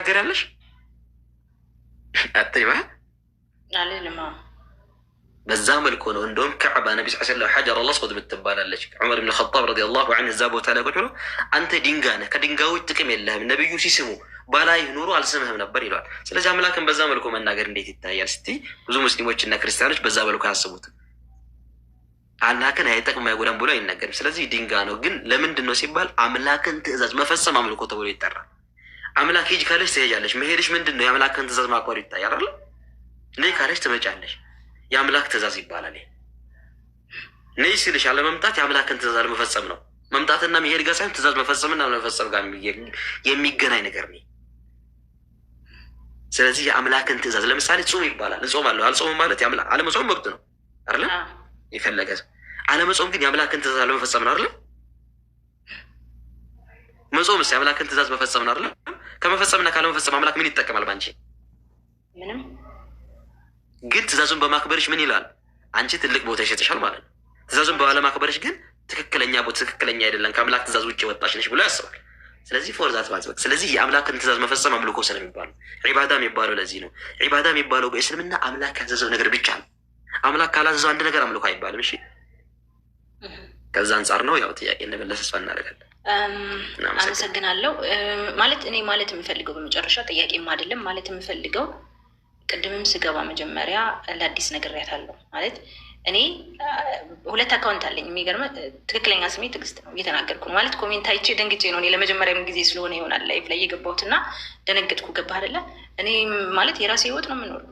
ትናገሪያለሽ አጠይባ በዛ መልኩ ነው። እንደውም ከዕባ ነቢ ስ ለም ሓጀር አልአስወድ ምትባላለች ዑመር ብን ረ ረዲየላሁ ን እዛ ቦታ ላይ ቁጭ ብሎ አንተ ድንጋይ ነህ፣ ከድንጋዮች ጥቅም የለህም፣ ነቢዩ ሲስሙ ባላይ ኑሮ አልስምህም ነበር ይለዋል። ስለዚህ አምላክን በዛ መልኩ መናገር እንዴት ይታያል? ስቲ ብዙ ሙስሊሞች እና ክርስቲያኖች በዛ መልኩ አያስቡትም። አምላክን አይጠቅም አይጎዳም ብሎ አይናገርም። ስለዚህ ድንጋይ ነው። ግን ለምንድን ነው ሲባል አምላክን ትእዛዝ መፈጸም አምልኮ ተብሎ ይጠራል። አምላክ ሂጅ ካለች ትሄጃለች። መሄድሽ ምንድን ነው? የአምላክን ትእዛዝ ማክበር ይታያል አይደል? ነይ ካለች ትመጫለች። የአምላክ ትእዛዝ ይባላል። ነይ ሲልሽ አለመምጣት የአምላክን ትእዛዝ አለመፈጸም ነው። መምጣትና መሄድ ጋር ሳይሆን ትእዛዝ መፈጸምና አለመፈጸም ጋር የሚገናኝ ነገር ነው። ስለዚህ የአምላክን ትእዛዝ ለምሳሌ ጾም ይባላል። እጾማለሁ አልጾምም ማለት አለመጾም መብት ነው አለ የፈለገ አለመጾም ግን የአምላክን ትእዛዝ አለመፈጸም ነው አለ መጾም ስ የአምላክን ትእዛዝ መፈጸም ነው አይደል? ከመፈጸምና ካለመፈጸም አምላክ ምን ይጠቀማል ባንቺ? ምንም። ግን ትእዛዙን በማክበርሽ ምን ይላል? አንቺ ትልቅ ቦታ ይሰጥሻል ማለት ነው። ትእዛዙን ባለማክበርሽ ግን ትክክለኛ ቦታ ትክክለኛ አይደለም ከአምላክ ትእዛዝ ውጭ ወጣሽ ነሽ ብሎ ያስባል። ስለዚህ ፎርዛት ማጽበቅ። ስለዚህ የአምላክን ትእዛዝ መፈጸም አምልኮ ስለ የሚባለው ዒባዳ የሚባለው ለዚህ ነው። ዒባዳ የሚባለው በእስልምና አምላክ ያዘዘው ነገር ብቻ ነው። አምላክ ካላዘዘው አንድ ነገር አምልኮ አይባልም። እሺ፣ ከዛ አንጻር ነው ያው ጥያቄ እንደመለስ ተስፋ እናደርጋለን። አመሰግናለሁ። ማለት እኔ ማለት የምፈልገው በመጨረሻ ጥያቄም አይደለም ማለት የምፈልገው ቅድምም ስገባ መጀመሪያ ለአዲስ ነግሬያታለሁ። ማለት እኔ ሁለት አካውንት አለኝ። የሚገርመ ትክክለኛ ስሜ ትዕግስት ነው እየተናገርኩ ነው። ማለት ኮሜንት አይቼ ደንግጬ ነው ለመጀመሪያም ጊዜ ስለሆነ ይሆናል ላይፍ ላይ የገባሁት እና ገባ አይደለ? እኔ ማለት የራሴ ህይወት ነው የምኖረው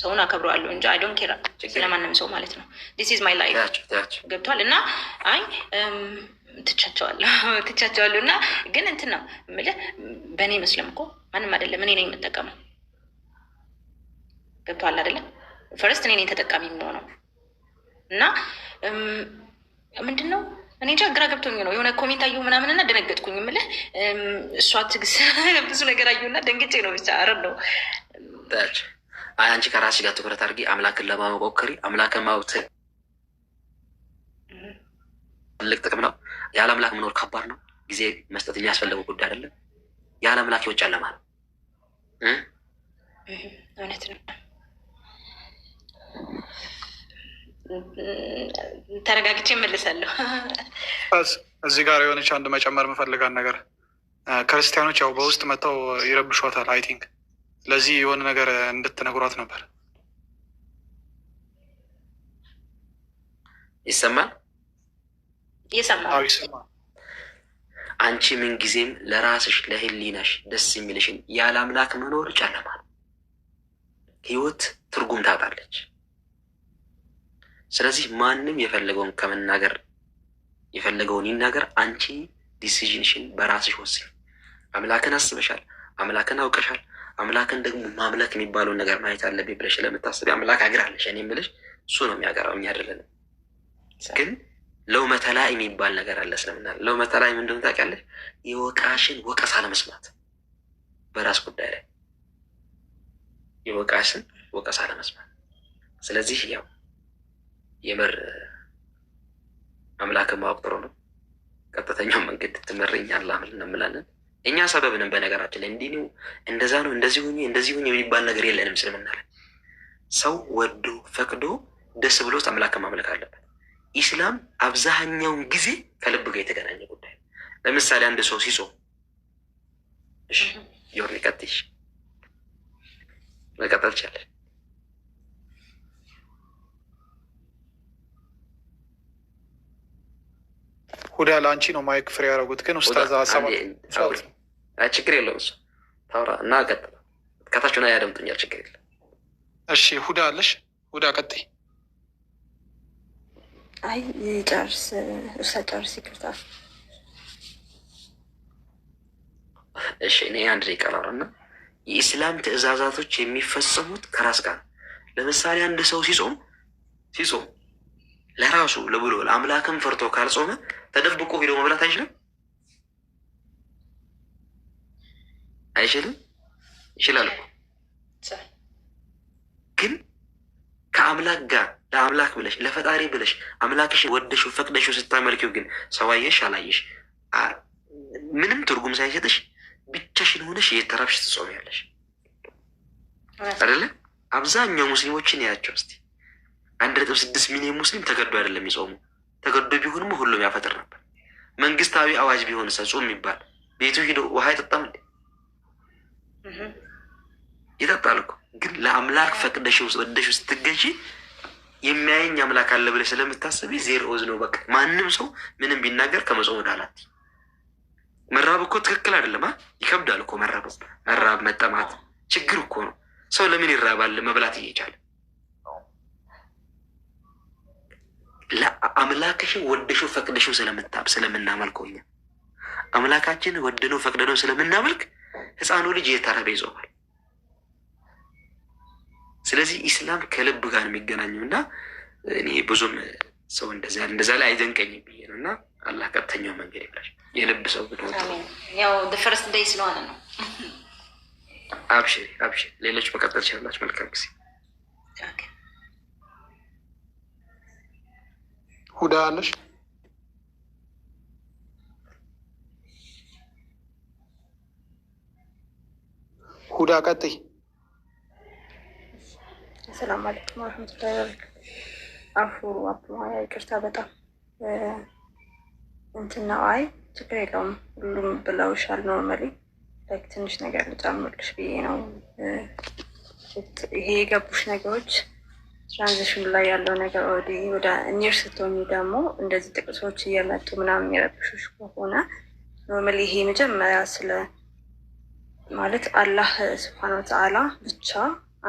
ሰውን አከብረዋለሁ እንጂ አይ ዶንት ኬር ስለማንም ሰው ማለት ነው። ዲስ ኢዝ ማይ ላይፍ ገብቷል። እና አይ ትቻቸዋለሁ ትቻቸዋለሁ። እና ግን እንትን ነው የምልህ በእኔ መስለም እኮ ማንም አይደለም። እኔ ነኝ የምጠቀመው። ገብቷል አይደለም? ፈረስት እኔ ነኝ ተጠቃሚ የሚሆነው እና ምንድን ነው እኔ እንጃ ግራ ገብቶኝ ነው የሆነ ኮሜንት አየሁ ምናምንና ደነገጥኩኝ። የምልህ እሷ ትግስ ብዙ ነገር አየሁና ደንግጬ ነው ብቻ አረ ነው አንቺ ከራስሽ ጋር ትኩረት አድርጊ። አምላክን ለማወቅ አምላክን ማወቅ ትልቅ ጥቅም ነው። ያለ አምላክ መኖር ከባድ ነው። ጊዜ መስጠት የሚያስፈልገው ጉዳይ አይደለም። ያለ አምላክ ይወጭ ጨለማ ነው። እውነት ነው። ተረጋግቼ እመልሳለሁ። እዚህ ጋር የሆነች አንድ መጨመር የምፈልጋት ነገር ክርስቲያኖች ያው በውስጥ መጥተው ይረብሿታል አይ ቲንክ ስለዚህ የሆነ ነገር እንድትነግሯት ነበር። ይሰማ ይሰማል ይሰማል። አንቺ ምንጊዜም ለራስሽ ለህሊናሽ ደስ የሚልሽን ያለ አምላክ መኖር ጨለማ ነው። ህይወት ትርጉም ታጣለች። ስለዚህ ማንም የፈለገውን ከመናገር የፈለገውን ይናገር። አንቺ ዲሲዥንሽን በራስሽ ወስኝ። አምላክን አስበሻል፣ አምላክን አውቀሻል። አምላክን ደግሞ ማምለክ የሚባለውን ነገር ማየት አለብኝ ብለሽ ለምታስብ አምላክ ሀገር አለሽ። እኔ የምልሽ እሱ ነው የሚያገራው፣ እኛ አይደለንም። ግን ለውመተላ የሚባል ነገር አለ ስለምና ለውመተላ ምንድን ታውቂያለሽ? የወቃሽን ወቀሳ ለመስማት በራስ ጉዳይ ላይ የወቃሽን ወቀሳ ለመስማት። ስለዚህ ያው የምር አምላክን ማወቅ ጥሩ ነው። ቀጥተኛው መንገድ ትመረኛለህ አምላክ እንምላለን። እኛ ሰበብ ነን። በነገራችን ላይ እንዲህ እንደዛ ነው እንደዚህ ሁኝ እንደዚህ ሁኝ የሚባል ነገር የለንም። እስልምና ላይ ሰው ወዶ ፈቅዶ ደስ ብሎት አምላክ ማምለክ አለበት። ኢስላም አብዛኛውን ጊዜ ከልብ ጋር የተገናኘ ጉዳይ። ለምሳሌ አንድ ሰው ሲጾም ይሆን ይቀጥሽ መቀጠል ይቻላል። ሁዳ ለአንቺ ነው ማይክ ፍሬ ያደረጉት ግን ውስታዝ ችግር የለውም እሱ ታውራ እና ቀጥል ከታችሁና ያደምጡኛል ችግር የለ። እሺ ሁዳ አለሽ ሁዳ ቀጥይ አይ ጨርስ ውስታዝ ጨርስ ይቅርታ እሺ እኔ አንድ ደቂቃ ላውራና የኢስላም ትእዛዛቶች የሚፈጸሙት ከራስ ጋር ለምሳሌ አንድ ሰው ሲጾም ሲጾም ለራሱ ብሎ ለአምላክም ፈርቶ ካልጾመ ተደብቆ ሄዶ መብላት አይችልም አይችልም። ይችላል ግን ከአምላክ ጋር ለአምላክ ብለሽ ለፈጣሪ ብለሽ አምላክሽ ወደሽ ፈቅደሽ ስታመልኪው ግን ሰው አየሽ አላየሽ ምንም ትርጉም ሳይሰጥሽ ብቻሽን ሆነሽ እየተራብሽ ትጾሚያለሽ አይደለ? አብዛኛው ሙስሊሞችን ያቸው እስቲ አንድ ነጥብ ስድስት ሚሊዮን ሙስሊም ተገዶ አይደለም የጾሙ ተገዶ ቢሆንም ሁሉም ያፈጥር ነበር። መንግስታዊ አዋጅ ቢሆን ሰ ጾም የሚባል ቤቱ ሂዶ ውሃ አይጠጣም እንዴ? ይጠጣል እኮ ግን ለአምላክ ፈቅደሽ ወደሽው ስትገዢ የሚያየኝ አምላክ አለ ብለሽ ስለምታስብ ዜር ኦዝ ነው። በቃ ማንም ሰው ምንም ቢናገር ከመጾም ወደ አላት መራብ እኮ ትክክል አይደለም። ይከብዳል እኮ መራብ መራብ መጠማት ችግር እኮ ነው። ሰው ለምን ይራባል መብላት እየቻለ አምላክሽን ወደሽው ፈቅደሽው ስለምታብ ስለምናመልከው እኛ አምላካችን ወደነው ፈቅደነው ስለምናመልክ ህፃኑ ልጅ የተረበ ይዞዋል። ስለዚህ ኢስላም ከልብ ጋር የሚገናኘው እና እኔ ብዙም ሰው እንደዛ እንደዛ ላይ አይደንቀኝም ብዬ ነው እና አላህ ቀጥተኛው መንገድ ይብላል። የልብ ሰው ያው ፈርስት ደይ ስለሆነ ነው። አብሽሪ አብሽሪ። ሌሎች መቀጠል ቻላችሁ። መልካም ጊዜ ሁዳ አለሽ ሁዳ ቀጥይ። ሰላም አለይኩም ወረህመቱላሂ ወበረካቱ። አፉሩ አቡያ ይቅርታ፣ በጣም እንትና አይ ችግር የለውም ሁሉም ብለውሻል። ኖርማሊ ላይክ ትንሽ ነገር ልጨምርልሽ ብዬ ነው ይሄ የገቡሽ ነገሮች ትራንዚሽን ላይ ያለው ነገር ኦልሬዲ ወደ ኒር ስትሆኚ ደግሞ እንደዚህ ጥቅሶች እየመጡ ምናምን የሚረብሹሽ ከሆነ ኖርማሊ ይሄ መጀመሪያ ስለ ማለት አላህ ስብሐነ ወተዓላ ብቻ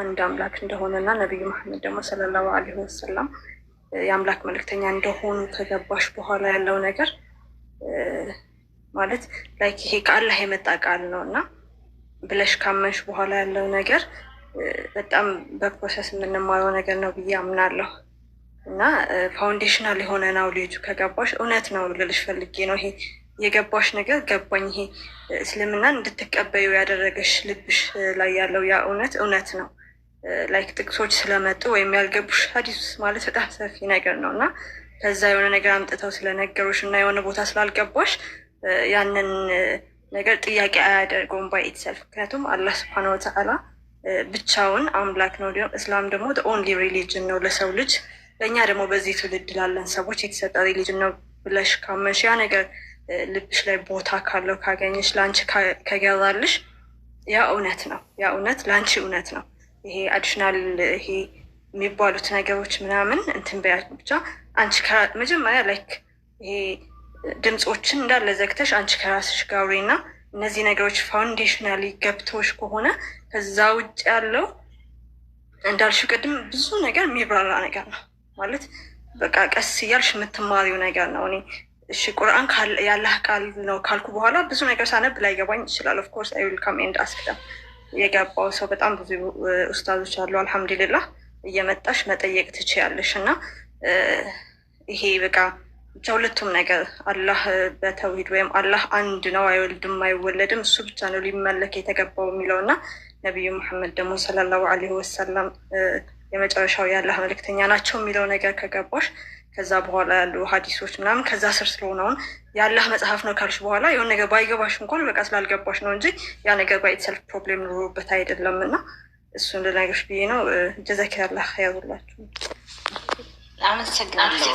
አንድ አምላክ እንደሆነ እና ነቢዩ መሐመድ ደግሞ ሰለላሁ አለይሂ ወሰላም የአምላክ መልእክተኛ እንደሆኑ ከገባሽ በኋላ ያለው ነገር ማለት ላይክ ይሄ ከአላህ የመጣ ቃል ነው እና ብለሽ ካመንሽ በኋላ ያለው ነገር በጣም በፕሮሰስ የምንማረው ነገር ነው ብዬ አምናለሁ እና ፋውንዴሽናል የሆነ ነው ልጁ ከገባሽ እውነት ነው ልልሽ ፈልጌ ነው። ይሄ የገባሽ ነገር ገባኝ። ይሄ እስልምናን እንድትቀበዩ ያደረገሽ ልብሽ ላይ ያለው ያ እውነት እውነት ነው። ላይክ ጥቅሶች ስለመጡ ወይም ያልገቡሽ ሐዲስ ማለት በጣም ሰፊ ነገር ነው እና ከዛ የሆነ ነገር አምጥተው ስለነገሮች እና የሆነ ቦታ ስላልገባሽ ያንን ነገር ጥያቄ አያደርገውም ባይ ኢትሰልፍ ምክንያቱም አላህ ስብሐነ ወተዓላ ብቻውን አምላክ ነው። ሊሆን እስላም ደግሞ ኦንሊ ሪሊጅን ነው ለሰው ልጅ ለእኛ ደግሞ በዚህ ትውልድ ላለን ሰዎች የተሰጠ ሪሊጅን ነው ብለሽ ካመንሽ ያ ነገር ልብሽ ላይ ቦታ ካለው ካገኘሽ ለአንቺ ከገራልሽ ያ እውነት ነው። ያ እውነት ለአንቺ እውነት ነው። ይሄ አዲሽናል ይሄ የሚባሉት ነገሮች ምናምን እንትን በያ ብቻ አንቺ መጀመሪያ ላይክ ይሄ ድምፆችን እንዳለ ዘግተሽ አንቺ ከራስሽ ጋር እና እነዚህ ነገሮች ፋውንዴሽናሊ ገብቶች ከሆነ ከዛ ውጭ ያለው እንዳልሽው ቅድም ብዙ ነገር የሚብራራ ነገር ነው ማለት በቃ ቀስ እያልሽ የምትማሪው ነገር ነው። እኔ እሺ ቁርአን ያለህ ቃል ነው ካልኩ በኋላ ብዙ ነገር ሳነብ ላይገባኝ ይችላል። ኦፍኮርስ አይ ዊልካም ኤንድ አስክደም የገባው ሰው በጣም ብዙ ኡስታዞች አሉ። አልሐምዱሊላህ እየመጣሽ መጠየቅ ትችያለሽ እና ይሄ በቃ ብቻ ሁለቱም ነገር አላህ በተውሂድ ወይም አላህ አንድ ነው፣ አይወልድም፣ አይወለድም፣ እሱ ብቻ ነው ሊመለክ የተገባው የሚለው እና ነቢዩ መሐመድ ደግሞ ሰለላሁ አለይሂ ወሰላም የመጨረሻው የአላህ መልክተኛ ናቸው የሚለው ነገር ከገባሽ ከዛ በኋላ ያሉ ሀዲሶች ምናምን ከዛ ስር ስለሆነውን የአላህ መጽሐፍ ነው ካልሽ በኋላ የሆነ ነገር ባይገባሽ እንኳን በቃ ስላልገባሽ ነው እንጂ ያ ነገር ባይትሰልፍ ፕሮብሌም ኑሮበት አይደለም። እና እሱ እንደነገርሽ ብዬ ነው። ጀዛኪ ያላህ ያዙላችሁ። አመሰግናለሁ።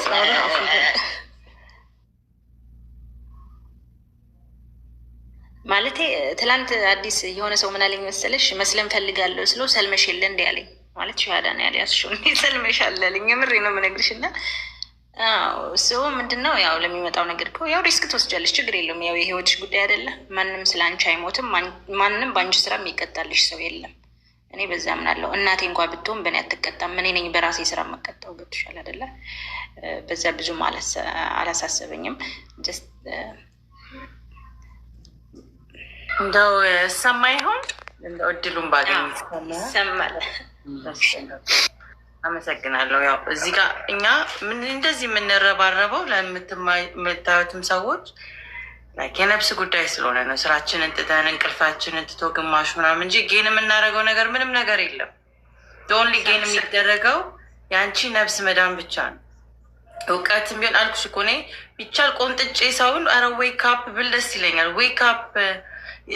ማለቴ ትላንት አዲስ የሆነ ሰው ምናለኝ መሰለሽ? መስለን ፈልጋለሁ ስለው ሰልመሽ የለ እንዲ ያለኝ ማለት ሸሃዳ ነው ያለ ያስሹ ሰልመሽ አለልኝ። የምሬ ነው የምነግርሽ። እና ሰው ምንድን ነው ያው ለሚመጣው ነገር እኮ ያው ሪስክ ትወስጃለሽ፣ ችግር የለውም። ያው የህይወትሽ ጉዳይ አይደለ? ማንም ስለ አንቺ አይሞትም። ማንም በአንቺ ስራ የሚቀጣልሽ ሰው የለም። እኔ በዛ ምናለው። እናቴ እንኳ ብትሆን በእኔ አትቀጣም። እኔ ነኝ በራሴ ስራ መቀጣው። ገብቶሻል አይደለ? በዛ ብዙም አላሳሰበኝም። እንደው ሰማ ይሆን እንደው እድሉን ባገኝ ይሰማል። አመሰግናለሁ። ያው እዚህ ጋ እኛ እንደዚህ የምንረባረበው ለምታዩትም ሰዎች የነብስ ጉዳይ ስለሆነ ነው። ስራችንን ጥተን እንቅልፋችንን ትቶ ግማሹ ምናምን እንጂ ጌን የምናደርገው ነገር ምንም ነገር የለም። ኦንሊ ጌን የሚደረገው የአንቺ ነብስ መዳን ብቻ ነው። እውቀትም ቢሆን አልኩሽ እኮ እኔ ቢቻል ቆንጥጬ ሰውን አረ ዌይክ አፕ ብል ደስ ይለኛል። ዌይክ አፕ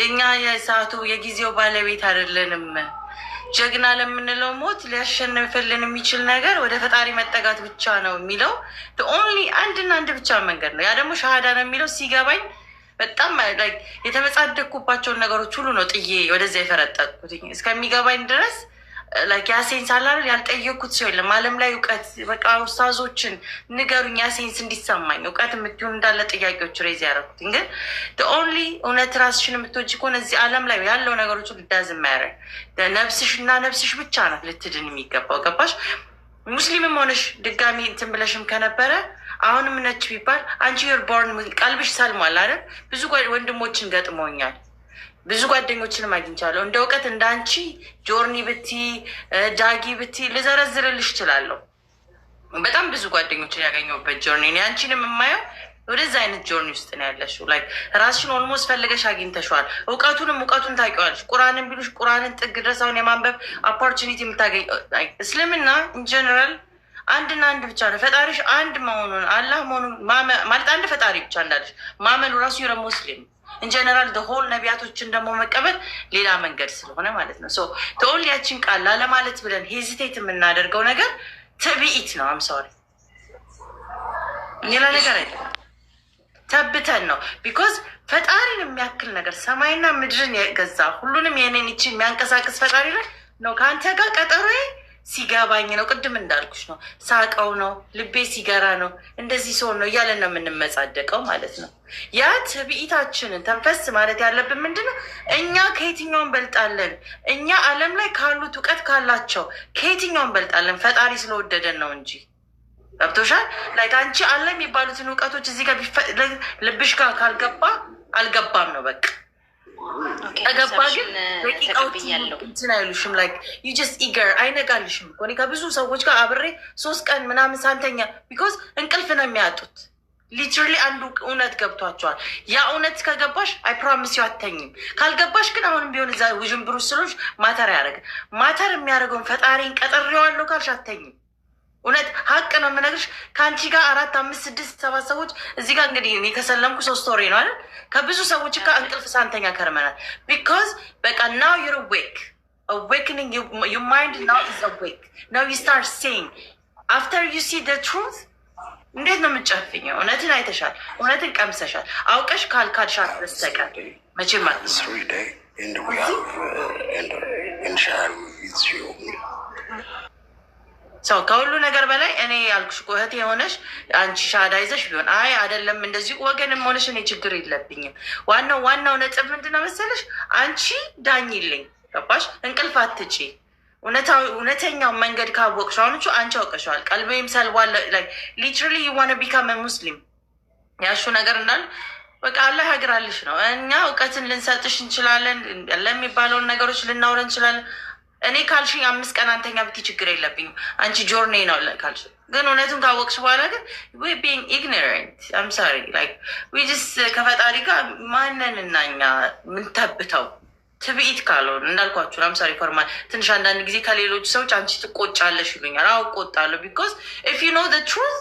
እኛ የሰዓቱ የጊዜው ባለቤት አይደለንም። ጀግና ለምንለው ሞት ሊያሸንፍልን የሚችል ነገር ወደ ፈጣሪ መጠጋት ብቻ ነው የሚለው ኦንሊ አንድና አንድ ብቻ መንገድ ነው። ያ ደግሞ ሻሃዳ ነው የሚለው ሲገባኝ በጣም የተመጻደቅኩባቸውን ነገሮች ሁሉ ነው ጥዬ ወደዚያ የፈረጠጥኩት እስከሚገባኝ ድረስ ላይክ ያሴንስ አላል ያልጠየኩት ሰው የለም ዓለም ላይ እውቀት በቃ ውሳዞችን ንገሩኝ፣ ያሴንስ እንዲሰማኝ እውቀት የምትሆን እንዳለ ጥያቄዎች ሬዝ ያደረኩት ግን ኦንሊ እውነት ራስሽን የምትወጂ ከሆነ እዚህ ዓለም ላይ ያለው ነገሮች ልዳዝ ማያረግ ነብስሽ እና ነብስሽ ብቻ ናት ልትድን የሚገባው ገባሽ? ሙስሊምም ሆነሽ ድጋሚ እንትን ብለሽም ከነበረ አሁንም ነች ቢባል አንቺ ዮር ቦርን ቀልብሽ ሰልሟል አይደል? ብዙ ወንድሞችን ገጥሞኛል ብዙ ጓደኞችንም አግኝቻለሁ። እንደ እውቀት እንደ አንቺ ጆርኒ ብቲ ዳጊ ብቲ ልዘረዝርልሽ እችላለሁ። በጣም ብዙ ጓደኞችን ያገኘሁበት ጆርኒ ነው። አንቺን የምማየው ወደዛ አይነት ጆርኒ ውስጥ ነው ያለሽው። ላይ ራስሽን ኦልሞስት ፈልገሽ አግኝተሸዋል። እውቀቱንም እውቀቱን ታውቂዋለሽ። ቁርአንን ቢሉሽ ቁርአንን ጥግ ድረስ አሁን የማንበብ ኦፖርቹኒቲ የምታገኝ እስልምና ኢንጀነራል አንድና አንድ ብቻ ነው ፈጣሪሽ አንድ መሆኑን አላህ መሆኑን ማለት አንድ ፈጣሪ ብቻ እንዳለሽ ማመኑ ራሱ የረ ሙስሊም ኢንጀነራል ሆል ነቢያቶችን ደግሞ መቀበል ሌላ መንገድ ስለሆነ ማለት ነው። ተኦል ያችን ቃል ላለማለት ብለን ሄዚቴት የምናደርገው ነገር ትዕቢት ነው። አምሰዋል ሌላ ነገር አይደለም። ተብተን ነው ቢኮዝ ፈጣሪን የሚያክል ነገር ሰማይና ምድርን የገዛ ሁሉንም የኔን ይችን የሚያንቀሳቅስ ፈጣሪ ላይ ነው ከአንተ ጋር ቀጠሮዬ ሲገባኝ ነው። ቅድም እንዳልኩሽ ነው፣ ሳቀው ነው፣ ልቤ ሲገራ ነው፣ እንደዚህ ሰው ነው እያለን ነው የምንመጻደቀው ማለት ነው። ያ ትዕቢታችንን ተንፈስ ማለት ያለብን ምንድን ነው? እኛ ከየትኛው እንበልጣለን? እኛ ዓለም ላይ ካሉት እውቀት ካላቸው ከየትኛው እንበልጣለን? ፈጣሪ ስለወደደን ነው እንጂ ገብቶሻል። ላይክ አንቺ አለ የሚባሉትን እውቀቶች እዚህ ጋር ልብሽ ጋር ካልገባ አልገባም ነው በቃ ተገባ ግን uh, ደቂቃዎችን አይሉሽም። ላይክ ዩ ጀስት ኢገር አይነጋልሽም እኮ እኔ ከብዙ ሰዎች ጋር አብሬ ሶስት ቀን ምናምን ሳንተኛ ቢኮዝ እንቅልፍ ነው የሚያጡት። ሊትራሊ አንዱ እውነት ገብቷቸዋል። ያ እውነት ከገባሽ አይ ፕሮሚስ ዩ አተኝም። ካልገባሽ ግን አሁንም ቢሆን እዛ ውዥንብሩ ስሎች ማተር ማተር የሚያደርገውን ፈጣሪን ቀጠሬዋለሁ ካልሽ አተኝም እውነት ሀቅ ነው የምነግርሽ። ከአንቺ ጋር አራት አምስት ስድስት ሰባት ሰዎች እዚህ ጋር እንግዲህ እኔ ከሰለምኩ ሶስት ወሬ ነው አይደል? ከብዙ ሰዎች ጋር እንቅልፍ ሳንተኛ ከርመናል። ቢካዝ በቃ ናው ዩር ዌክ አዌክኒንግ ዩ ማይንድ ናው ኢዝ አዌክ ናው ዩ ስታርት ሴይንግ አፍተር ዩ ሲ ደ ትሩት እንዴት ነው የምጨፍኝ? እውነትን አይተሻል፣ እውነትን ቀምሰሻል። አውቀሽ ካልካድሻ በስተቀር መቼም ማለት ዩ ሰው ከሁሉ ነገር በላይ እኔ ያልኩሽ እኮ የሆነሽ አንቺ ሻዳ ይዘሽ ቢሆን አይ አይደለም፣ እንደዚህ ወገንም ሆነሽ እኔ ችግር የለብኝም። ዋናው ዋናው ነጥብ ምንድን ነው መሰለሽ? አንቺ ዳኝልኝ፣ ገባሽ? እንቅልፍ አትጪ። እውነተኛው መንገድ ካወቅሽ አሁን አንቺ አውቀሸዋል። ቀልቤም ሰልቧል። ሊትራሊ የዋነ ቢካም ሙስሊም ያሹ ነገር እንዳል በቃ አላህ ያግራልሽ ነው። እኛ እውቀትን ልንሰጥሽ እንችላለን፣ ለሚባለውን ነገሮች ልናውረ እንችላለን እኔ ካልሽኝ አምስት ቀን አንተኛ ብቲ ችግር የለብኝም። አንቺ ጆርኔ ነው ካልሽ ግን እውነቱን ካወቅሽ በኋላ ግን ቢንግ ኢግኖረንት አም ሶሪ ላይክ ዊጅስ ከፈጣሪ ጋር ማንን እናኛ ምንተብተው ትብኢት ካልሆን እንዳልኳችሁ አም ሶሪ ፎርማ ትንሽ አንዳንድ ጊዜ ከሌሎች ሰዎች አንቺ ትቆጫለሽ ይሉኛል። አዎ እቆጣለሁ ቢኮዝ ኢፍ ዩ ኖ ትሩዝ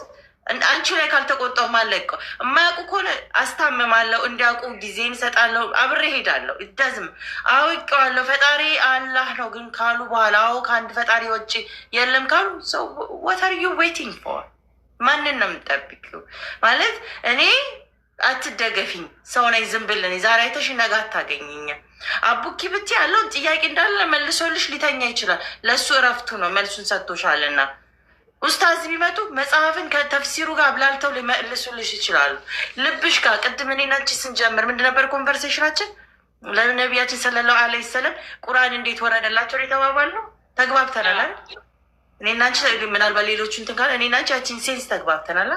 አንቺ ላይ ካልተቆጣሁ ማለቀ የማያውቁ ከሆነ አስታምማለሁ፣ እንዲያውቁ ጊዜን እሰጣለሁ፣ አብሬ ሄዳለሁ። እደዝም አውቀዋለሁ። ፈጣሪ አላህ ነው ግን ካሉ በኋላ አዎ ከአንድ ፈጣሪ ውጭ የለም ካሉ ሰው ወተር ዩ ዌቲንግ ፎር ማንን ነው የምጠብቂው? ማለት እኔ አትደገፊኝ ሰው ነኝ ዝም ብለን ዛሬ አይተሽ ነገ አታገኝኛል። አቡኪ ብቲ ያለውን ጥያቄ እንዳለ መልሶልሽ ሊተኛ ይችላል። ለእሱ እረፍቱ ነው መልሱን ሰጥቶሻልና ኡስታዝ ቢመጡ መጽሐፍን ከተፍሲሩ ጋር አብላልተው ሊመልሱልሽ ይችላሉ። ልብሽ ጋር ቅድም እኔ ናች ስንጀምር ምንድነበር ኮንቨርሴሽናችን? ለነቢያችን ሰለላሁ ዐለይሂ ወሰለም ቁርአን እንዴት ወረደላቸው የተባባል ነው። ተግባብተናል። እኔ አንቺ ምናልባት ሌሎቹ እንትን ካለ እኔና አንቺ ያችን ሴንስ ተግባብተናል።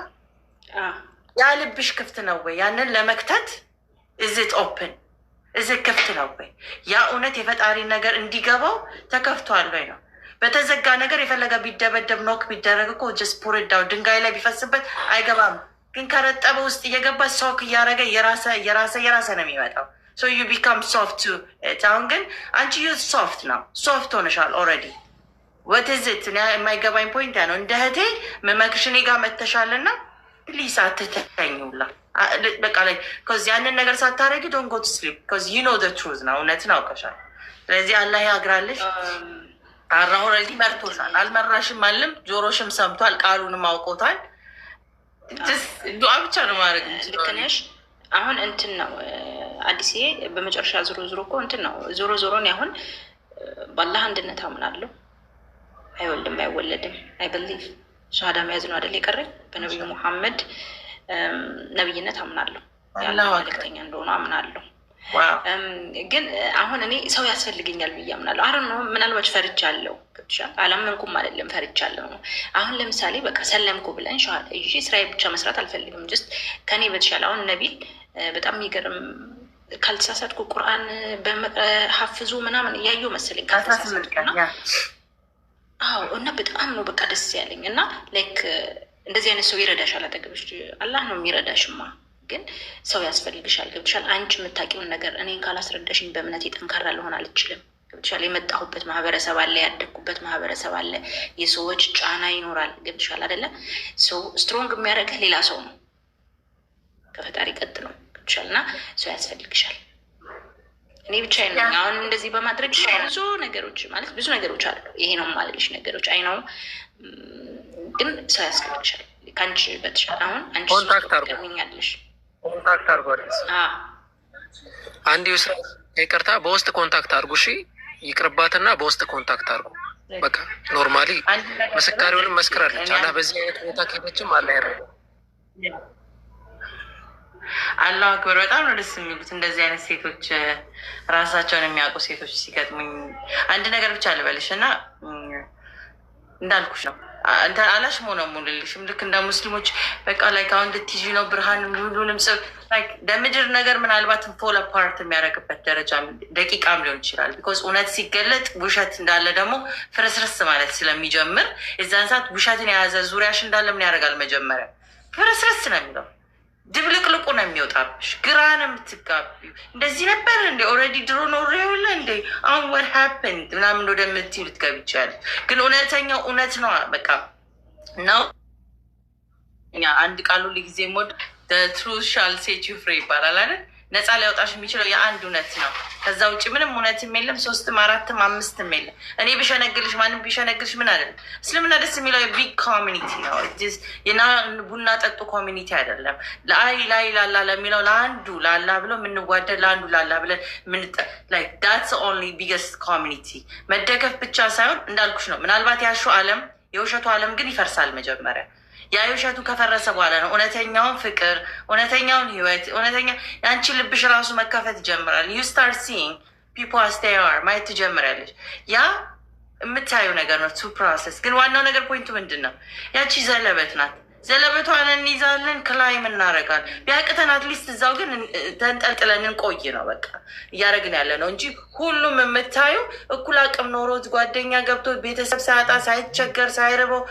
ያ ልብሽ ክፍት ነው ወይ? ያንን ለመክተት እዝት ኦፕን እዝት ክፍት ነው ወይ? ያ እውነት የፈጣሪን ነገር እንዲገባው ተከፍቷል ወይ ነው በተዘጋ ነገር የፈለገ ቢደበደብ ኖክ ቢደረግ እኮ ጀስ ፑርዳው ድንጋይ ላይ ቢፈስበት አይገባም። ግን ከረጠበ ውስጥ እየገባ ሶክ እያደረገ የራሰ የራሰ የራሰ ነው የሚመጣው። ሶ ዩ ቢካም ሶፍት ቱ አሁን ግን አንቺ ዩ ሶፍት ነው ሶፍት ሆነሻል ኦልሬዲ ወት ኢዝ ኢት የማይገባኝ ፖይንት ያ ነው። እንደ እህቴ መመክሽ እኔ ጋር መተሻል እና ፕሊስ አትተተኙላ በቃ ላይ ከዚ ያንን ነገር ሳታረጊ ዶንት ጎ ቱ ስሊፕ ቢኮዝ ዩ ኖ ትሩዝ ነው እውነትን አውቀሻል። ስለዚህ አላህ ያግራልሽ። um, ታራ ኦልሬዲ መርቶታል። አልመራሽም አለም ጆሮሽም ሰምቷል፣ ቃሉንም አውቆታል። ዱዓ ብቻ ነው ማድረግ ልክነሽ። አሁን እንትን ነው አዲስዬ፣ በመጨረሻ ዞሮ ዞሮ እኮ እንትን ነው ዞሮ ዞሮ እኔ አሁን በአላህ አንድነት አምናለሁ። አይወልድም አይወለድም አይ ብሊቭ ሻሃዳ መያዝ ነው አደል የቀረኝ። በነቢዩ ሙሐመድ ነብይነት አምናለሁ፣ ያለ መልክተኛ እንደሆነ አምናለሁ። ግን አሁን እኔ ሰው ያስፈልገኛል ብዬ አምናለሁ። አሁን ነው ምናልባች አለው ገብቶሻል። አላመንኩም አይደለም አለው ነው። አሁን ለምሳሌ በቃ ሰለምኩ ብለን ሸዋል እ ስራዬ ብቻ መስራት አልፈልግም። ጀስት ከኔ በተሻለ አሁን ነቢል በጣም የሚገርም ካልተሳሳትኩ ቁርአን ሀፍዙ ምናምን እያየሁ መሰለኝ ካልተሳሳትኩ እና አዎ እና በጣም ነው በቃ ደስ ያለኝ እና ላይክ እንደዚህ አይነት ሰው ይረዳሻል አጠገብሽ አላህ ነው የሚረዳሽማ ግን ሰው ያስፈልግሻል። ገብትሻል። አንቺ የምታውቂውን ነገር እኔን ካላስረዳሽኝ በእምነት የጠንካራ ልሆን አልችልም። ገብትሻል። የመጣሁበት ማህበረሰብ አለ፣ ያደግኩበት ማህበረሰብ አለ። የሰዎች ጫና ይኖራል። ገብትሻል አይደለ? ሰው ስትሮንግ የሚያደርግህ ሌላ ሰው ነው ከፈጣሪ ቀጥሎ። ገብትሻል። እና ሰው ያስፈልግሻል። እኔ ብቻ ነ አሁን እንደዚህ በማድረግ ብዙ ነገሮች ማለት ብዙ ነገሮች አሉ። ይሄ ነው የማልልሽ ነገሮች አይ ነው ግን ሰው ያስፈልግሻል። ከአንቺ በተሻለ አሁን አንቺ ሚኛለሽ ኮንታክት አድርጎ አንድ ዩሰር ይቅርታ፣ በውስጥ ኮንታክት አድርጉ። እሺ ይቅርባትና በውስጥ ኮንታክት አድርጉ። በቃ ኖርማሊ ምስካሪውንም መስክራለች። አላ በዚህ አይነት ሁኔታ ከሄደችም አላ ያረ አላሁ አክበር። በጣም ነው ደስ የሚሉት እንደዚህ አይነት ሴቶች፣ ራሳቸውን የሚያውቁ ሴቶች ሲገጥሙኝ አንድ ነገር ብቻ ልበልሽ እና እንዳልኩሽ ነው አላሽ ሆነ ሙልልሽም ልክ እንደ ሙስሊሞች በቃ ላይ አሁን ልትይዥ ነው ብርሃን ሁሉንም ሰው ለምድር ነገር ምናልባት ፎል አፓርት የሚያደርግበት ደረጃ ደቂቃም ሊሆን ይችላል። ቢኮዝ እውነት ሲገለጥ ውሸት እንዳለ ደግሞ ፍርስርስ ማለት ስለሚጀምር የዛን ሰዓት ውሸትን የያዘ ዙሪያሽ እንዳለ ምን ያደርጋል? መጀመሪያ ፍርስርስ ነው የሚለው ድብል የሚወጣብሽ ግራ ነው የምትጋቢው። እንደዚህ ነበር እንደ ኦልሬዲ ድሮ ኖሮ የለ እንደ አሁን ወር ሀፕን ምናምን ወደ ምትይው ልትገቢ ይችላል። ግን እውነተኛው እውነት ነው በቃ ነው። አንድ ቃሉ ሁልጊዜ ሞድ ትሩ ሻል ሴት ዩ ፍሪ ይባላል አይደል? ነፃ ሊያወጣሽ የሚችለው የአንድ እውነት ነው። ከዛ ውጭ ምንም እውነትም የለም። ሶስትም አራትም አምስትም የለም። እኔ ብሸነግልሽ ማንም ቢሸነግልሽ ምን አይደለም። እስልምና ደስ የሚለው ቢግ ኮሚኒቲ ነው። ቡና ጠጡ ኮሚኒቲ አይደለም። ለአይ ላይ ላላ ለሚለው ለአንዱ ላላ ብሎ የምንዋደድ ለአንዱ ላላ ብለን ዳትስ ኦንሊ ቢገስት ኮሚኒቲ። መደገፍ ብቻ ሳይሆን እንዳልኩሽ ነው። ምናልባት ያሹ አለም የውሸቱ አለም ግን ይፈርሳል መጀመሪያ የውሸቱ ከፈረሰ በኋላ ነው እውነተኛውን ፍቅር፣ እውነተኛውን ህይወት፣ እውነተኛ የአንቺ ልብሽ ራሱ መካፈት ይጀምራል። ዩ ስታር ሲንግ ፒፖ አስተያር ማየት ትጀምራለች። ያ የምታየው ነገር ነው ቱ ፕሮሰስ። ግን ዋናው ነገር ፖይንቱ ምንድን ነው? ያቺ ዘለበት ናት። ዘለበቷን እንይዛለን፣ ክላይም እናደርጋለን። ቢያቅተን አትሊስት እዛው ግን ተንጠልጥለን እንቆይ ነው በቃ እያደረግን ያለ ነው እንጂ ሁሉም የምታዩ እኩል አቅም ኖሮት ጓደኛ ገብቶ ቤተሰብ ሳያጣ ሳይቸገር ሳይርበው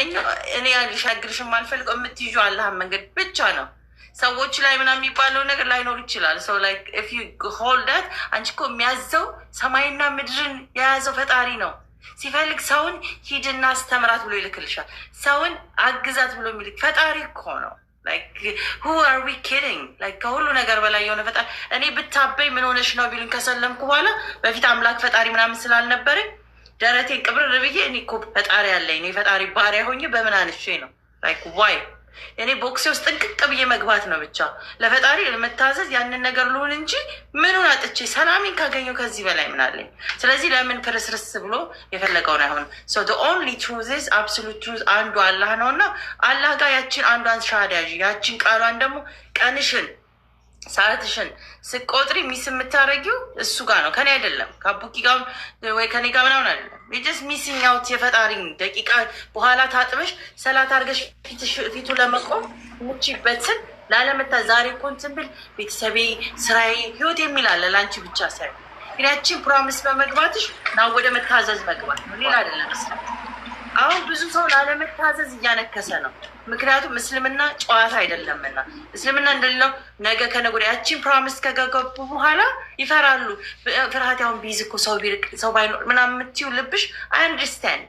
ዋነኛው እኔ ሊሻግርሽ የማልፈልገው የምትይዙ አላህን መንገድ ብቻ ነው። ሰዎች ላይ ምናምን የሚባለው ነገር ላይኖር ይችላል። ሰው ላይ ፍ ሆልዳት አንቺ እኮ የሚያዘው ሰማይና ምድርን የያዘው ፈጣሪ ነው። ሲፈልግ ሰውን ሂድና አስተምራት ብሎ ይልክልሻል። ሰውን አግዛት ብሎ የሚልክ ፈጣሪ እኮ ነው። ሁ አር ዊ ኪዲንግ ከሁሉ ነገር በላይ የሆነ ፈጣሪ። እኔ ብታበይ ምን ሆነሽ ነው ቢሉን ከሰለምኩ በኋላ በፊት አምላክ ፈጣሪ ምናምን ስላልነበረኝ ደረቴን ቅብር ብዬ እኔ እኮ ፈጣሪ አለኝ እኔ ፈጣሪ ባሪያ ሆኜ በምን አንሼ ነው ላይክ ዋይ እኔ ቦክሴ ውስጥ ጥንቅቅ ብዬ መግባት ነው ብቻ ለፈጣሪ ለመታዘዝ ያንን ነገር ልሆን እንጂ ምኑን አጥቼ ሰላሜን ካገኘው ከዚህ በላይ ምን አለኝ? ስለዚህ ለምን ፍርስርስ ብሎ የፈለገውን አይሆን ኦንሊ ትሩዝ አብሶሉት ትሩዝ አንዱ አላህ ነው እና አላህ ጋር ያችን አንዷን ሻዳ ያችን ቃሏን ደግሞ ቀንሽን ሰዓትሽን ስቆጥሪ ሚስ የምታደርጊው እሱ ጋር ነው፣ ከኔ አይደለም። ከቡኪ ጋር ወይ ከኔ ጋር ምናምን አይደለም። ጀስ ሚሲንግ አውት የፈጣሪን ደቂቃ በኋላ ታጥበሽ ሰላት አድርገሽ ፊቱ ለመቆም ሙቺበትን ላለመታ ዛሬ ኮንትን ብል ቤተሰቤ፣ ስራዬ፣ ህይወት የሚል አለ ለአንቺ ብቻ ሳይሆን ያቺን ፕሮሚስ በመግባትሽ ና ወደ መታዘዝ መግባት ነው፣ ሌላ አይደለም። አሁን ብዙ ሰው ላለመታዘዝ እያነከሰ ነው። ምክንያቱም እስልምና ጨዋታ አይደለምና እስልምና እንደሌለው ነገ ከነገ ወዲያ ያቺን ፕሮሚስ ከገገቡ በኋላ ይፈራሉ። ፍርሃት ያሁን ቢይዝ እኮ ሰው ቢርቅ ሰው ባይኖር ምናምን የምትይው ልብሽ አንደርስታንድ።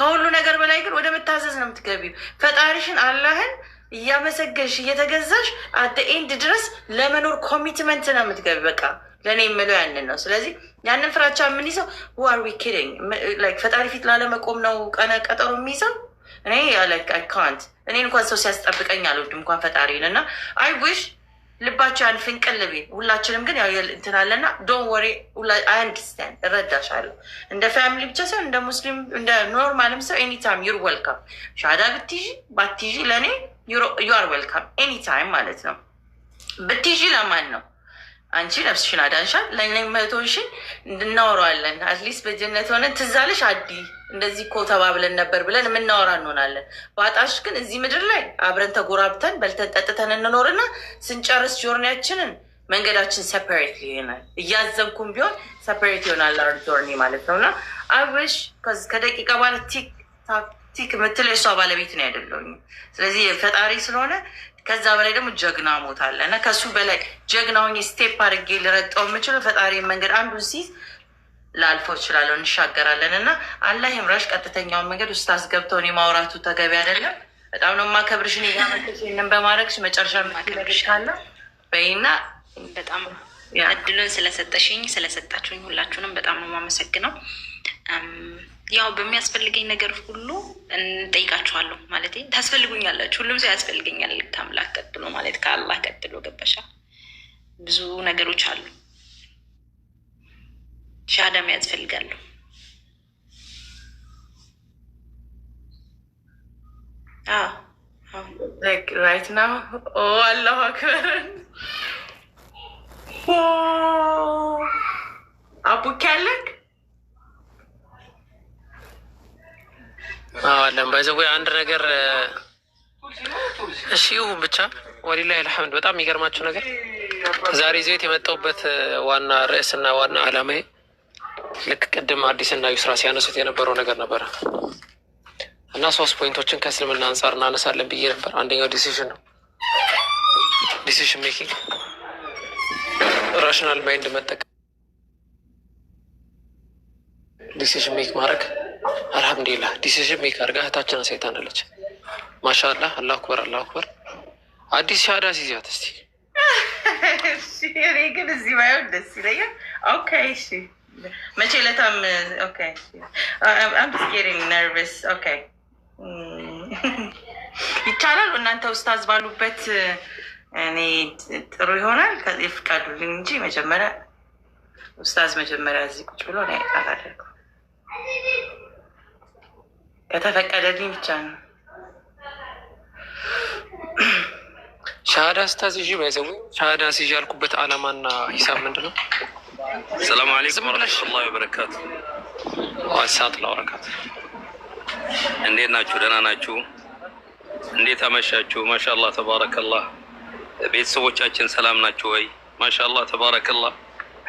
ከሁሉ ነገር በላይ ግን ወደ መታዘዝ ነው የምትገቢው። ፈጣሪሽን አላህን እያመሰገንሽ እየተገዛሽ አት ኤንድ ድረስ ለመኖር ኮሚትመንት ነው የምትገቢ በቃ ለእኔ የምለው ያንን ነው። ስለዚህ ያንን ፍራቻ የምንይዘው ዋር ዊ ኪዲንግ ፈጣሪ ፊት ላለመቆም ነው ቀነ ቀጠሮ የሚይዘው። እኔ ካንት እኔ እንኳን ሰው ሲያስጠብቀኝ አልወድም እንኳን ፈጣሪን እና አይ ዊሽ ልባቸው ያን ፍንቅል ቤ ሁላችንም ግን ያው እንትን አለና ዶን ወሬ አንድስታንድ እረዳሻለሁ። እንደ ፋሚሊ ብቻ ሳይሆን እንደ ሙስሊም እንደ ኖርማልም ሰው ኤኒታይም ዩር ወልካም ሻዳ ብትይዢ ባትይዢ ለእኔ ዩ ወልካም ዌልካም ኤኒታይም ማለት ነው። ብትይዢ ለማን ነው አንቺ ነፍስሽን አዳንሻል። ለእኔ መቶ ሺ እናወራዋለን። አትሊስት በጀነት ሆነን ትዛለሽ አዲ እንደዚህ እኮ ተባብለን ነበር ብለን የምናወራ እንሆናለን። ባጣሽ ግን እዚህ ምድር ላይ አብረን ተጎራብተን በልተን ጠጥተን እንኖርና ስንጨርስ ጆርኒያችንን መንገዳችን ሰፐሬት ይሆናል። እያዘንኩም ቢሆን ሰፐሬት ይሆናል ጆርኒ ማለት ነው። እና አብሽ ከደቂቃ ባለ ቲክ ታክ ቲክ የምትለው የእሷ ባለቤት ነው ያደለውኝ። ስለዚህ ፈጣሪ ስለሆነ ከዛ በላይ ደግሞ ጀግና ሞት አለ እና ከሱ በላይ ጀግናውን ሆኜ ስቴፕ አድርጌ ልረጠው የምችለው ፈጣሪ መንገድ አንዱ ሲይዝ ላልፈው እችላለሁ፣ እንሻገራለን እና አላህ ይምራሽ። ቀጥተኛውን መንገድ ውስጥ አስገብተውን የማውራቱ ተገቢ አይደለም። በጣም ነው የማከብርሽ። እኔ ጋር መጥተሽ ይህንን በማድረግሽ መጨረሻ ምክርሻለ በይና በጣም እድሉን ስለሰጠሽኝ ስለሰጣችሁኝ ሁላችሁንም በጣም ነው የማመሰግነው። ያው በሚያስፈልገኝ ነገር ሁሉ እንጠይቃችኋለሁ። ማለት ታስፈልጉኛላችሁ። ሁሉም ሰው ያስፈልገኛል ከአምላክ ቀጥሎ ማለት ከአላህ ቀጥሎ ገበሻ ብዙ ነገሮች አሉ። ሻዳም ያስፈልጋሉ። ራይት ናው አላሁ አክበር አቡኪ ያለክ አለን ባይዘው አንድ ነገር እሺ ይሁን ብቻ ወሊላ አልሐምድ። በጣም የሚገርማችሁ ነገር ዛሬ ዘይት የመጣሁበት ዋና ርዕስና ዋና አላማዬ ልክ ቅድም አዲስና ዩስራ ሲያነሱት የነበረው ነገር ነበረ እና ሶስት ፖይንቶችን ከእስልምና አንጻር እናነሳለን ብዬ ነበር። አንደኛው ዲሲሽን ነው። ዲሲሽን ሜኪንግ ራሽናል ማይንድ መጠቀም ዲሲሽን ሜክ ማድረግ አልሐምዱሊላህ ዲሲሽን ሜከር ጋር እህታችን ሳይታናለች። ማሻአላህ አላሁ አክበር አላሁ አክበር። አዲስ ሻዳ ሲዚያት እስቲ እኔ ግን እዚህ ባይሆን ደስ ይለኛል። ኦኬ እሺ፣ መቼ ለታም ኦኬ አም ነርቨስ ኦኬ ይቻላል። እናንተ ውስታዝ ባሉበት እኔ ጥሩ ይሆናል። ይፍቀዱልኝ እንጂ መጀመሪያ ውስታዝ መጀመሪያ እዚህ ቁጭ ብሎ እኔ አላደርገው ከተፈቀደልኝ ብቻ ነው። ሻሃዳ ስታዝዥ ባይዘሙ ሻሃዳ ስዥ ያልኩበት አላማና ሂሳብ ምንድ ነው? ሰላም አለይኩም ረመቱላ ወበረካቱ። ሰዓት ላወረካት እንዴት ናችሁ? ደህና ናችሁ? እንዴት አመሻችሁ? ማሻላ ተባረከላ ቤተሰቦቻችን ሰላም ናችሁ ወይ? ማሻላ ተባረከላ።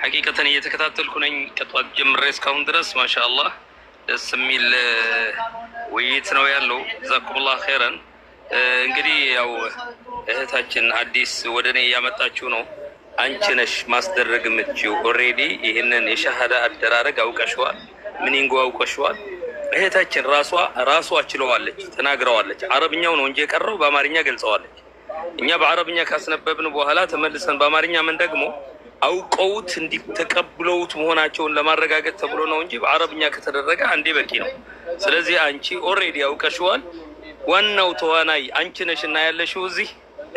ሐቂቀተን እየተከታተልኩ ነኝ ከጠዋት ጀምሬ እስካሁን ድረስ ማሻላ ደስ የሚል ውይይት ነው ያለው። ጀዛኩሙላህ ኸይረን። እንግዲህ ያው እህታችን አዲስ ወደ እኔ እያመጣችው ነው። አንቺ ነሽ ማስደረግ የምትችው። ኦሬዲ ይህንን የሻሃዳ አደራረግ አውቀሽዋል፣ ምኒንጎ አውቀሽዋል። እህታችን ራሷ ራሷ ችለዋለች፣ ተናግረዋለች። አረብኛው ነው እንጂ የቀረው በአማርኛ ገልጸዋለች። እኛ በአረብኛ ካስነበብን በኋላ ተመልሰን በአማርኛ ምን ደግሞ አውቀውት እንዲተቀብለውት መሆናቸውን ለማረጋገጥ ተብሎ ነው እንጂ በአረብኛ ከተደረገ አንዴ በቂ ነው። ስለዚህ አንቺ ኦሬዲ አውቀሽዋል። ዋናው ተዋናይ አንቺ ነሽ እና ያለሽው እዚህ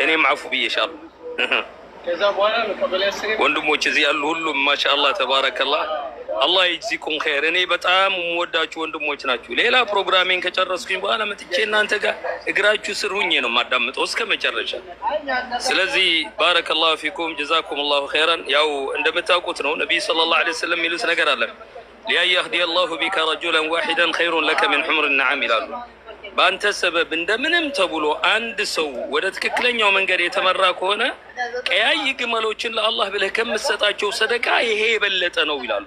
እኔም አፉ ብዬሻሉ። ወንድሞች እዚህ ያሉ ሁሉም ማሻአላህ ተባረከላህ አላህ ይጅዚኩም ኸይር። እኔ በጣም የምወዳችሁ ወንድሞች ናችሁ። ሌላ ፕሮግራሜን ከጨረስኩኝ በኋላ መጥቼ እናንተ ጋር እግራችሁ ስር ሁኜ ነው የማዳምጠው እስከ መጨረሻ። ስለዚህ ባረከላሁ ፊኩም ጀዛኩሙላሁ ኸይራን። ያው እንደምታውቁት ነው ነቢይ ሰለላሁ ዐለይሂ ወሰለም የሚሉት ነገር አለ ሊያህዲየ ላሁ ቢከ ረጁለን ዋሂደን ኸይሩን ለከ ሚን ሑምሪ ነዓም ይላሉ። በአንተ ሰበብ እንደምንም ተብሎ አንድ ሰው ወደ ትክክለኛው መንገድ የተመራ ከሆነ ቀያይ ግመሎችን ለአላህ ብለህ ከምትሰጣቸው ሰደቃ ይሄ የበለጠ ነው ይላሉ።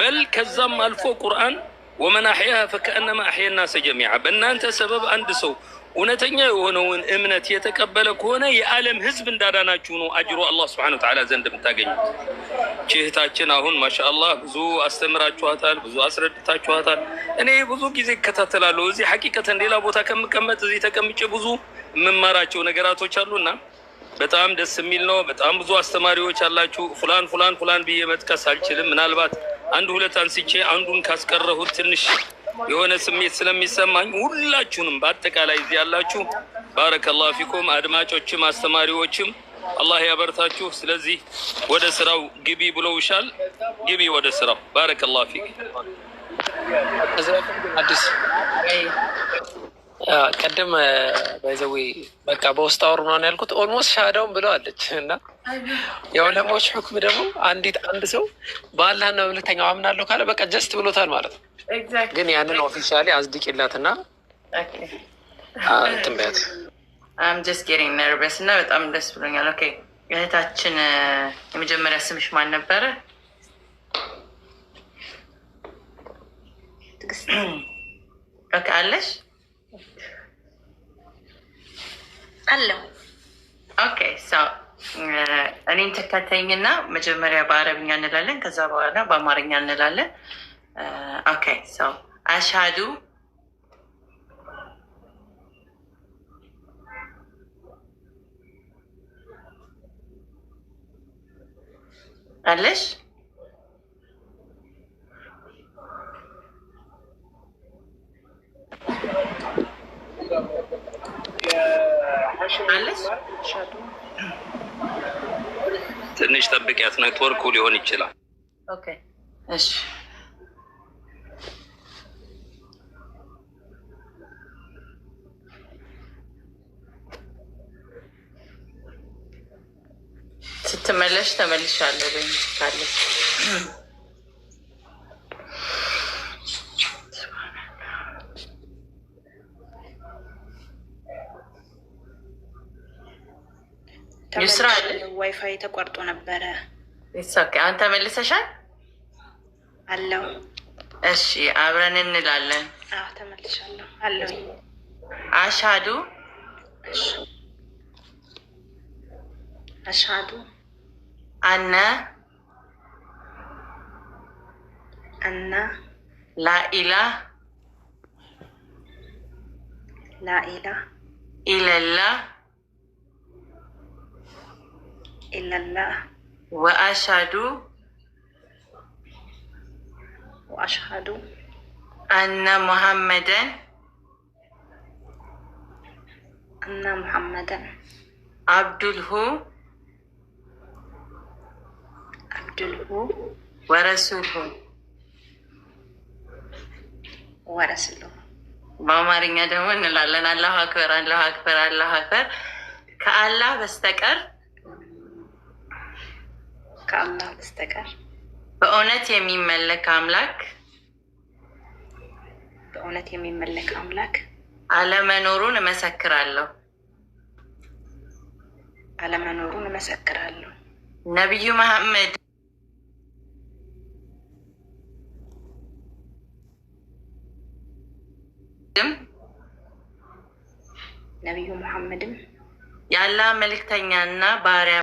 በል ከዛም አልፎ ቁርአን ወመን አሕያሃ ፈከአነማ አሕያ ናሰ ጀሚዓ በእናንተ ሰበብ አንድ ሰው እውነተኛ የሆነውን እምነት የተቀበለ ከሆነ የዓለም ህዝብ እንዳዳናችሁ ነው አጅሮ አላህ ስብሐነሁ ወተዓላ ዘንድ የምታገኙት። ችህታችን አሁን ማሻአላህ ብዙ አስተምራችኋታል፣ ብዙ አስረድታችኋታል። እኔ ብዙ ጊዜ እከታተላለሁ። እዚህ ሐቂቀተን ሌላ ቦታ ከምቀመጥ እዚህ ተቀምጬ ብዙ የምማራቸው ነገራቶች አሉና በጣም ደስ የሚል ነው። በጣም ብዙ አስተማሪዎች አላችሁ። ፉላን ፉላን ፉላን ብዬ መጥቀስ አልችልም። ምናልባት አንድ ሁለት አንስቼ አንዱን ካስቀረሁት ትንሽ የሆነ ስሜት ስለሚሰማኝ ሁላችሁንም በአጠቃላይ እዚህ ያላችሁ ባረከላሁ ፊኩም አድማጮችም አስተማሪዎችም አላህ ያበርታችሁ። ስለዚህ ወደ ስራው ግቢ ብለውሻል። ግቢ ወደ ስራው። ባረከላሁ ፊክ አዲስ ቀደም ባይዘዌ በቃ በውስጥ አወሩ ምናምን ያልኩት ኦልሞስት ሻሃዳውን ብለዋለች እና የዑለማዎች ሕክም ደግሞ አንዲት አንድ ሰው በአላህና በመልእክተኛው አምናለሁ ካለ በቃ ጀስት ብሎታል ማለት ነው። ግን ያንን ኦፊሻሊ አጽድቂላትና ትንበያት አም ጀስት ጌቲንግ ነርቨስ እና በጣም ደስ ብሎኛል። ኦኬ እህታችን የመጀመሪያ ስምሽ ማን ነበረ? ኦኬ አለሽ አለው። ኦኬ እኔን ተከተኝና መጀመሪያ በአረብኛ እንላለን፣ ከዛ በኋላ በአማርኛ እንላለን። ኦኬ አሻዱ አለሽ አለች። ትንሽ ጠብቂያት፣ ኔትወርኩ ሊሆን ይችላል። ኦኬ እሺ። ስትመለሽ ተመልሻለሁ ካለች የስራ ዋይፋይ ተቋርጦ ነበረ። አንተ መልሰሻል አለው። እሺ አብረን እንላለን። ተመልሻለሁ አለው። አሻዱ አሻዱ አነ አነ ላኢላ ላኢላ ኢለላ ኢለላህ ወአሻዱ ወአሽሀዱ አነ ሙሐመደን አነ ሙሐመደን አብዱልሁ አብዱልሁ ወረሱልሁ ወረሱልሁ። በአማርኛ ደግሞ እንላለን አላሁ አክበር አላሁ አክበር አላሁ አክበር ከአላህ በስተቀር ከአምላክ በስተቀር በእውነት የሚመለክ አምላክ በእውነት የሚመለክ አምላክ አለመኖሩን እመሰክራለሁ አለመኖሩን እመሰክራለሁ። ነቢዩ መሐመድ ነቢዩ መሐመድም ያለ መልእክተኛና ባሪያ